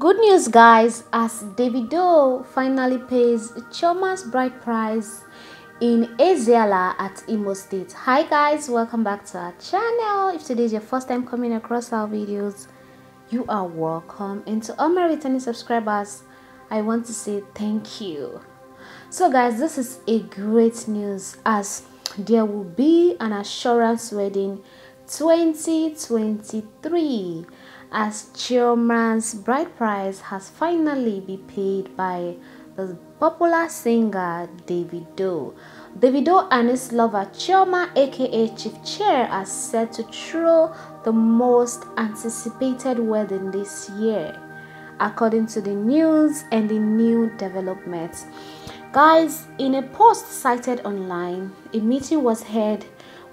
Good news, guys, as Davido finally pays Choma's bride price in Ezeala at Imo State. Hi, guys, welcome back to our channel. If today is your first time coming across our videos, you are welcome. And to all my returning subscribers, I want to say thank you. So, guys, this is a great news as there will be an assurance wedding 2023 as Chiomran's bride price has finally been paid by the popular singer David David Davido and his lover Chioma aka Chief Chair are set to throw the most anticipated wedding this year according to the news and the new developments. Guys, in a post cited online, a meeting was held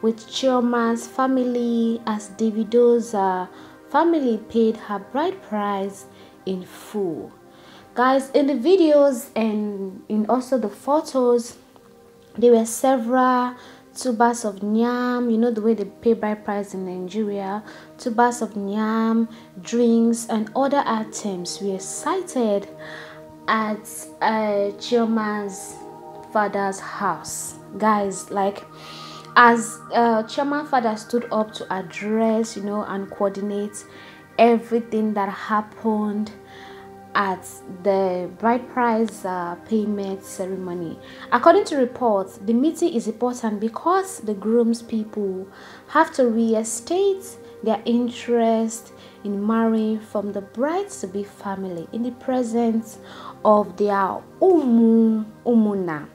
with Chioma's family as Davido's uh, family paid her bride price in full guys in the videos and in also the photos there were several two bars of yam you know the way they pay bride price in nigeria two bars of yam drinks and other items were sighted at uh, Chioma's father's house guys like as uh, Chairman Father stood up to address, you know, and coordinate everything that happened at the bride price uh, payment ceremony. According to reports, the meeting is important because the groom's people have to restate their interest in marrying from the brides to be family in the presence of their umu umuna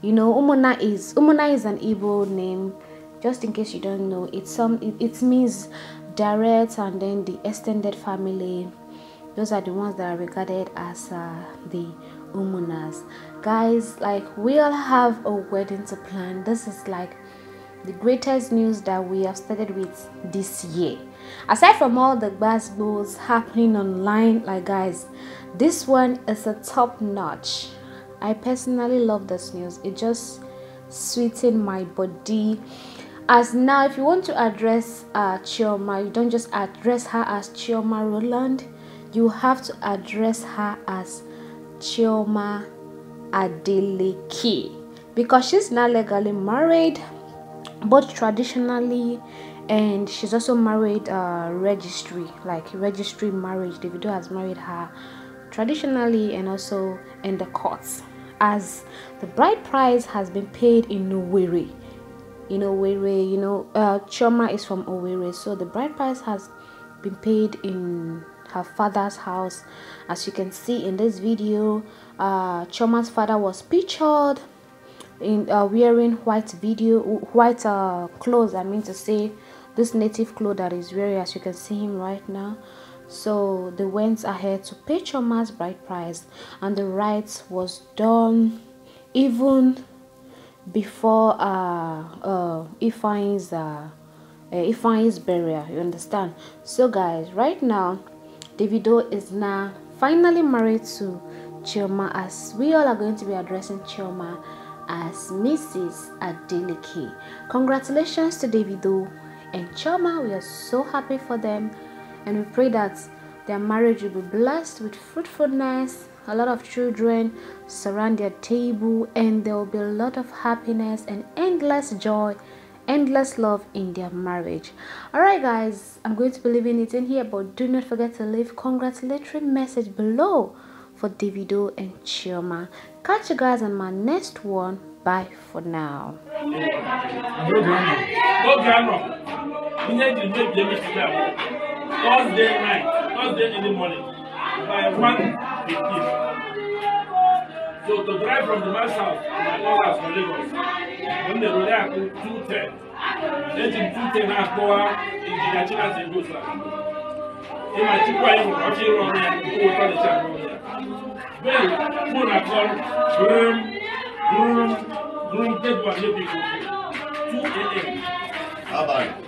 you know, Umona is umuna is an Igbo name. Just in case you don't know, it's some it, it means direct and then the extended family. Those are the ones that are regarded as uh, the Umunas. Guys, like we all have a wedding to plan. This is like the greatest news that we have started with this year. Aside from all the balls happening online, like guys, this one is a top notch I personally love this news. It just sweetened my body. As now, if you want to address uh, Chioma, you don't just address her as Chioma Roland. You have to address her as Chioma Adeleke because she's not legally married, but traditionally and she's also married uh, registry like registry marriage davido has married her traditionally and also in the courts, as the bride price has been paid in Nuwere. In Owerri, you know, uh, Choma is from Owerri, so the bride price has been paid in her father's house. As you can see in this video, uh, Choma's father was pictured in uh, wearing white video, white uh, clothes. I mean to say, this native clothes that is wearing. As you can see him right now, so they went ahead to pay Choma's bride price, and the rites was done even before uh, uh, Ifain's uh, uh Ifain's burial. You understand? So guys, right now, Davido is now finally married to Choma. as we all are going to be addressing Choma as Mrs. Adeleke. Congratulations to Davido and Choma. We are so happy for them and we pray that their marriage will be blessed with fruitfulness, a lot of children surround their table, and there will be a lot of happiness and endless joy endless love in their marriage. Alright, guys, I'm going to be leaving it in here, but do not forget to leave congratulatory message below for Davido and Chioma. Catch you guys on my next one. Bye for now. Thursday night, Thursday in the morning, by one fifteen. So to drive from the man's house to my house for Lagos, when they the road at two ten, then in two ten I go in the Nigeria to go to In my chief wife, I'm here on the go to the channel. Bẹ́ẹ̀ni, mo nà kọ́ groom groom groom take tẹ́gbọ̀n níbi ìgbòho two a.m.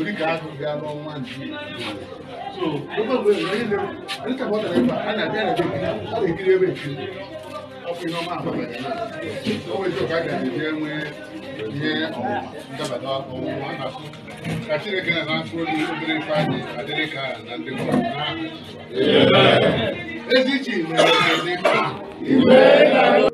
orí ga-azụ bịa n'ọnwa so oge mgbe mgbe niile ndị ka mọtara ebe a na-abịa na ebe a na-ekiri ebe ekiri ọkụ ihe ọma abalị na onwe ji ọka ga-eje nwee ihe ndabata ọnwụ a na-asụ ka chineke na na-asụ olu obere ife anyị adịrị ka na ndị mmadụ ezi iche mere